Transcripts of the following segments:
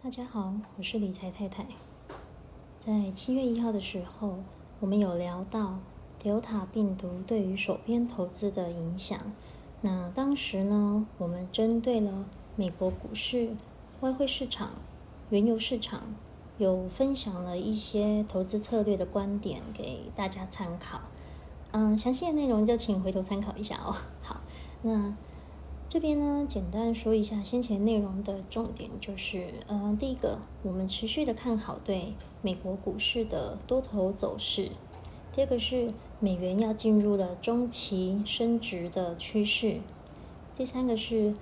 大家好，我是理財太太。在七月一號的時候，我們有聊到 Delta 病毒對於手邊投資的影響。那當時呢，我們針對了美國股市、外匯市場、原油市場，有分享了一些投資策略的觀點給大家參考。嗯，詳細的內容就請回頭參考一下哦。好，那。這邊呢，簡單說一下先前內容的重點，就是呃，第一個，我們持續的看好對美國股市的多頭走勢；第二個是美元要進入了中期升值的趨勢；第三個是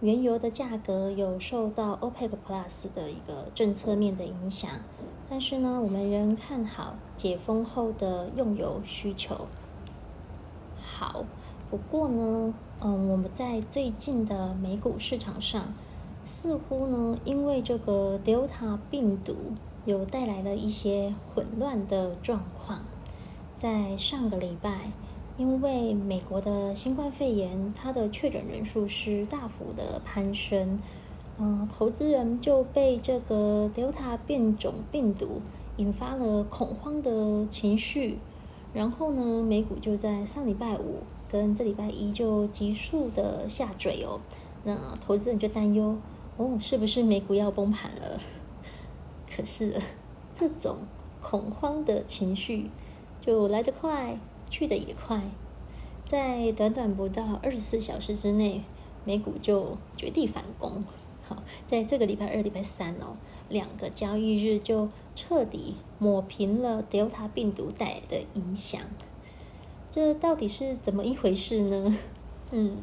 原油的價格有受到 OPEC Plus 的一個政策面的影響，但是呢，我們仍看好解封後的用油需求。好，不過呢。嗯，我們在最近的美股市場上，似乎呢，因為這個 Delta 病毒有帶來了一些混亂的狀況。在上個禮拜，因為美國的新冠肺炎，它的確診人數是大幅的攀升，嗯，投資人就被這個 Delta 變種病毒引發了恐慌的情緒，然後呢，美股就在上禮拜五，跟這禮拜一就急速的下墜哦，那投資人就擔憂，哦，是不是美股要崩盤了？可是，這種恐慌的情緒就來得快，去得也快，在短短不到二十四小時之內，美股就絕地反攻。好，在這個禮拜二、禮拜三哦，兩個交易日就徹底抹平了 Delta 病毒帶來的影響。這到底是怎麼一回事呢？嗯，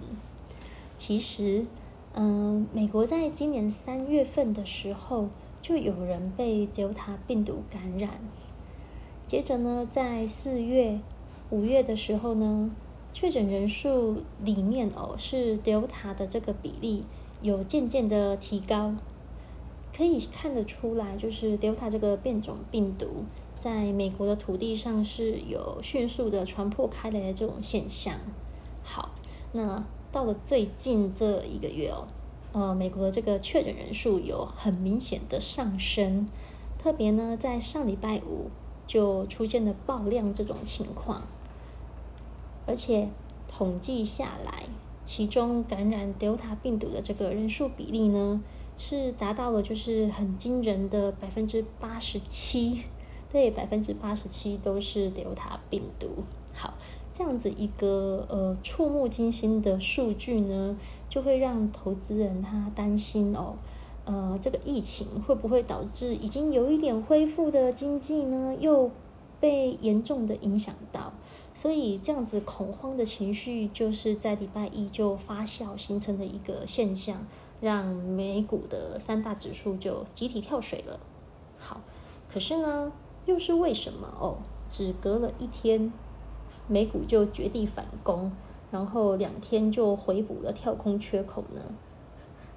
其實，嗯、呃，美國在今年三月份的時候就有人被 Delta 病毒感染，接着呢，在四月、五月的時候呢，確診人數裡面哦，是 Delta 的這個比例有漸漸的提高，可以看得出來，就是 Delta 這個變種病毒。在美國的土地上是有迅速的傳播開來的這種現象。好，那到了最近這一個月哦，呃，美國的這個確診人數有很明顯的上升，特別呢，在上禮拜五就出現了爆量這種情況。而且統計下來，其中感染 Delta 病毒的這個人數比例呢，是達到了就是很驚人的百分之八十七。對，百分之八十七都是 Delta 病毒。好，這樣子一個呃觸目驚心的數據呢，就會讓投資人他擔心哦。呃，這個疫情會不會導致已經有一點恢復的經濟呢，又被嚴重的影響到？所以這樣子恐慌的情緒，就是在禮拜一就發酵形成的一個現象，讓美股的三大指數就集體跳水了。好，可是呢，又是為什麼哦？只隔了一天，美股就絕地反攻，然後兩天就回補了跳空缺口呢？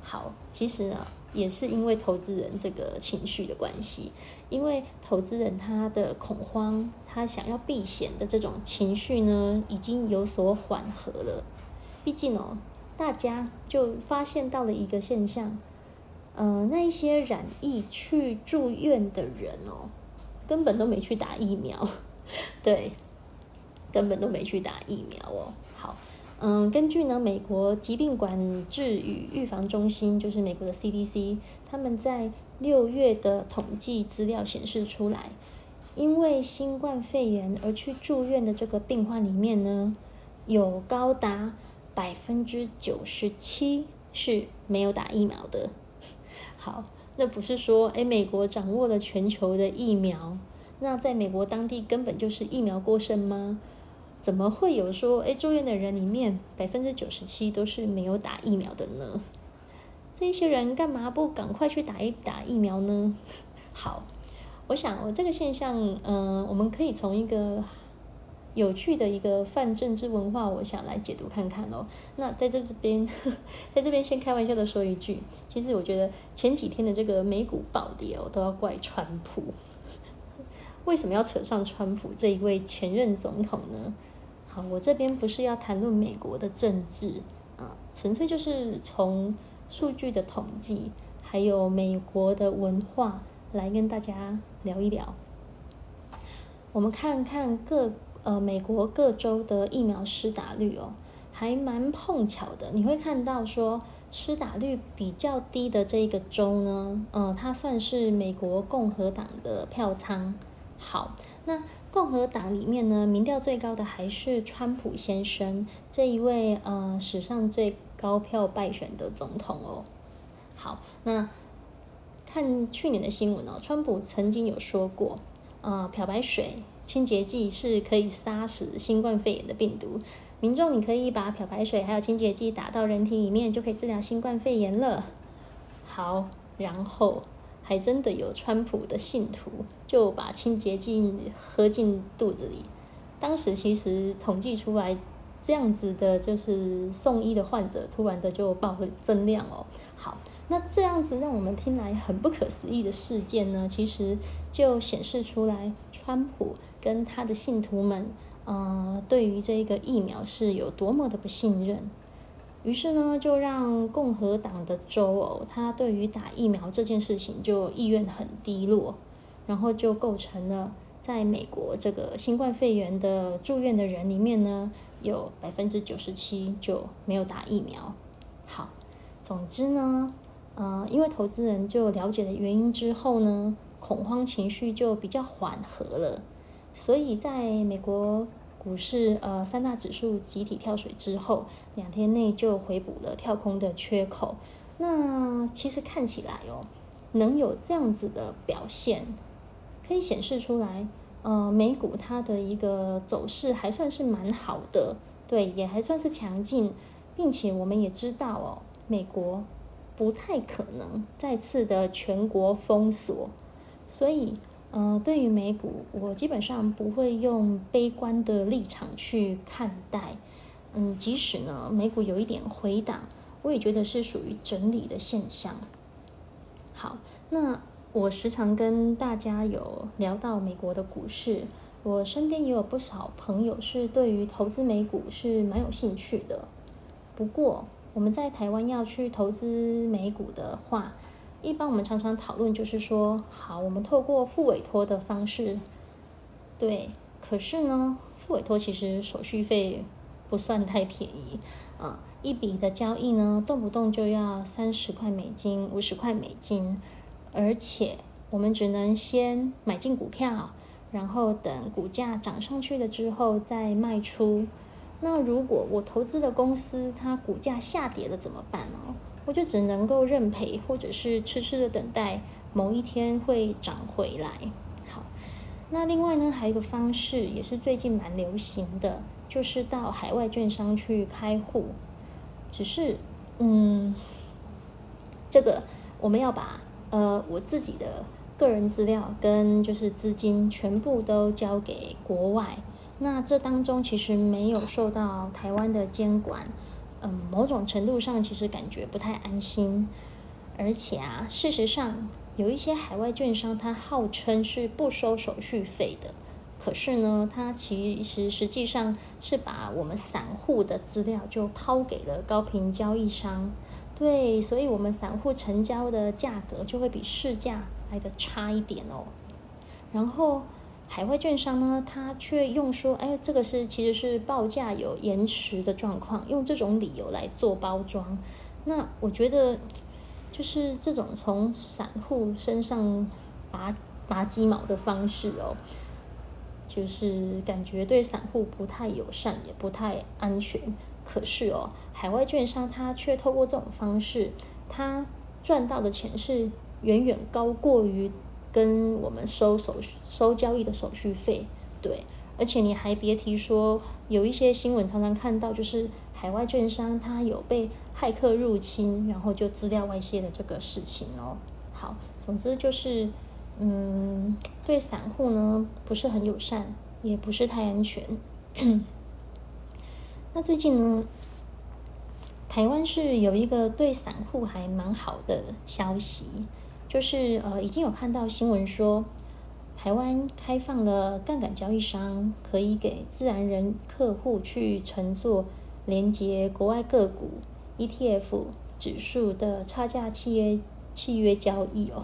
好，其實啊，也是因為投資人這個情緒的關係，因為投資人他的恐慌，他想要避險的這種情緒呢，已經有所緩和了。畢竟哦，大家就發現到了一個現象，呃，那一些染疫去住院的人哦。根本都沒去打疫苗，對，根本都沒去打疫苗哦。好，嗯，根據呢美國疾病管制與預防中心，就是美國的 CDC，他們在六月的統計資料顯示出來，因為新冠肺炎而去住院的這個病患裡面呢，有高達百分之九十七是沒有打疫苗的。好。那不是說，誒，美國掌握了全球的疫苗，那在美國當地根本就是疫苗過剩嗎？怎麼會有說，誒，住院的人裡面百分之九十七都是沒有打疫苗的呢？這些人幹嘛不趕快去打一打疫苗呢？好，我想，我這個現象，嗯、呃，我們可以從一個。有趣的一個泛政治文化，我想來解讀看看哦。那在這這邊，在這邊先開玩笑的說一句，其實我覺得前幾天的這個美股暴跌哦，我都要怪川普。為什麼要扯上川普這一位前任總統呢？好，我這邊不是要談論美國的政治，啊，呃，純粹就是從數據的統計，還有美國的文化來跟大家聊一聊。我們看看各。呃，美國各州的疫苗施打率哦，還蠻碰巧的。你會看到說，施打率比較低的這一個州呢，呃，它算是美國共和黨的票倉。好，那共和黨裡面呢，民調最高的還是川普先生，這一位，呃，史上最高票敗選的總統哦。好，那看去年的新聞哦，川普曾經有說過，呃，漂白水。清潔劑是可以殺死新冠肺炎的病毒，民眾，你可以把漂白水還有清潔劑打到人體裡面，就可以治療新冠肺炎了。好，然後還真的有川普的信徒就把清潔劑喝進肚子裡，當時其實統計出來這樣子的，就是送醫的患者突然的就爆了增量哦。好。那這樣子讓我們聽來很不可思議的事件呢，其實就顯示出來，川普跟他的信徒們，啊、呃，對於這個疫苗是有多麼的不信任，於是呢，就讓共和黨的州哦，他對於打疫苗這件事情就意願很低落，然後就構成了在美國這個新冠肺炎的住院的人裡面呢，有百分之九十七就沒有打疫苗。好，總之呢。呃，因為投資人就了解了原因之後呢，恐慌情緒就比較緩和了。所以在美國股市呃三大指數集體跳水之後，兩天內就回補了跳空的缺口。那其實看起來哦，能有這樣子的表現，可以顯示出來，呃，美股它的一個走勢還算是蠻好的，對，也還算是強勁，並且我們也知道哦，美國。不太可能再次的全國封鎖，所以，呃，對於美股，我基本上不會用悲觀的立場去看待。嗯，即使呢美股有一點回檔，我也覺得是屬於整理的現象。好，那我時常跟大家有聊到美國的股市，我身邊也有不少朋友是對於投資美股是蠻有興趣的，不過。我們在台灣要去投資美股的話，一般我們常常討論就是說，好，我們透過複委託的方式，對，可是呢，複委託其實手續費不算太便宜，啊、嗯，一筆的交易呢，動不動就要三十塊美金、五十塊美金，而且我們只能先買進股票，然後等股價漲上去了之後再賣出。那如果我投資的公司它股價下跌了怎麼辦呢？我就只能夠認賠，或者是痴痴的等待某一天會漲回來。好，那另外呢，還有一個方式，也是最近蠻流行的，就是到海外券商去開戶。只是，嗯，這個我們要把呃我自己的個人資料跟就是資金全部都交給國外。那這當中其實沒有受到台灣的監管，嗯，某種程度上其實感覺不太安心，而且啊，事實上有一些海外券商它號稱是不收手續費的，可是呢，它其實實際上是把我們散戶的資料就拋給了高頻交易商，對，所以我們散戶成交的價格就會比市價來的差一點哦，然後。海外券商呢，他卻用說，哎，這個是其實是報價有延遲的狀況，用這種理由來做包裝。那我覺得，就是這種從散戶身上拔拔雞毛的方式哦，就是感覺對散戶不太友善，也不太安全。可是哦，海外券商他卻透過這種方式，他賺到的錢是遠遠高過於。跟我們收手收交易的手續費，對，而且你還別提說，有一些新聞常常看到，就是海外券商它有被駭客入侵，然後就資料外泄的這個事情哦。好，總之就是，嗯，對散戶呢不是很友善，也不是太安全。 那最近呢，台灣是有一個對散戶還蠻好的消息。就是呃，已經有看到新聞說，台灣開放了槓桿交易商可以給自然人客戶去承做連接國外個股、ETF 指數的差價契約契約交易哦。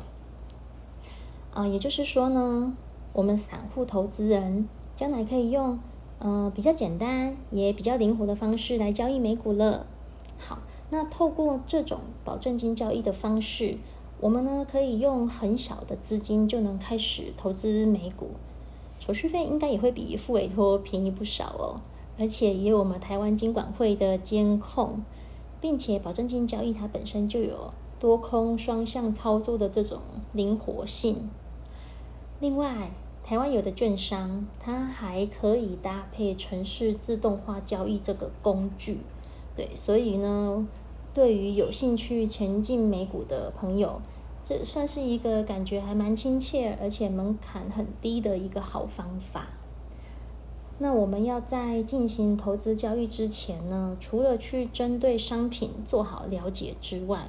啊、呃，也就是說呢，我們散戶投資人將來可以用呃比較簡單也比較靈活的方式來交易美股了。好，那透過這種保證金交易的方式。我們呢，可以用很小的資金就能開始投資美股，手續費應該也會比付委託便宜不少哦。而且也有我們台灣金管會的監控，並且保證金交易它本身就有多空雙向操作的這種靈活性。另外，台灣有的券商，它還可以搭配城市自動化交易這個工具，對，所以呢。對於有興趣前進美股的朋友，這算是一個感覺還蠻親切，而且門檻很低的一個好方法。那我們要在進行投資交易之前呢，除了去針對商品做好了解之外，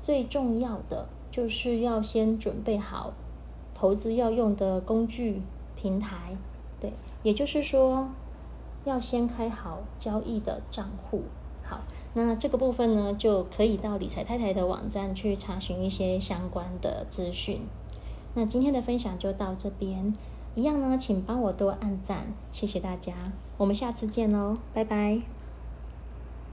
最重要的就是要先準備好投資要用的工具平台，對，也就是說要先開好交易的賬戶，好。那這個部分呢，就可以到理財太太的網站去查詢一些相關的資訊。那今天的分享就到這邊，一樣呢，請幫我多按讚，謝謝大家，我們下次見囉，拜拜。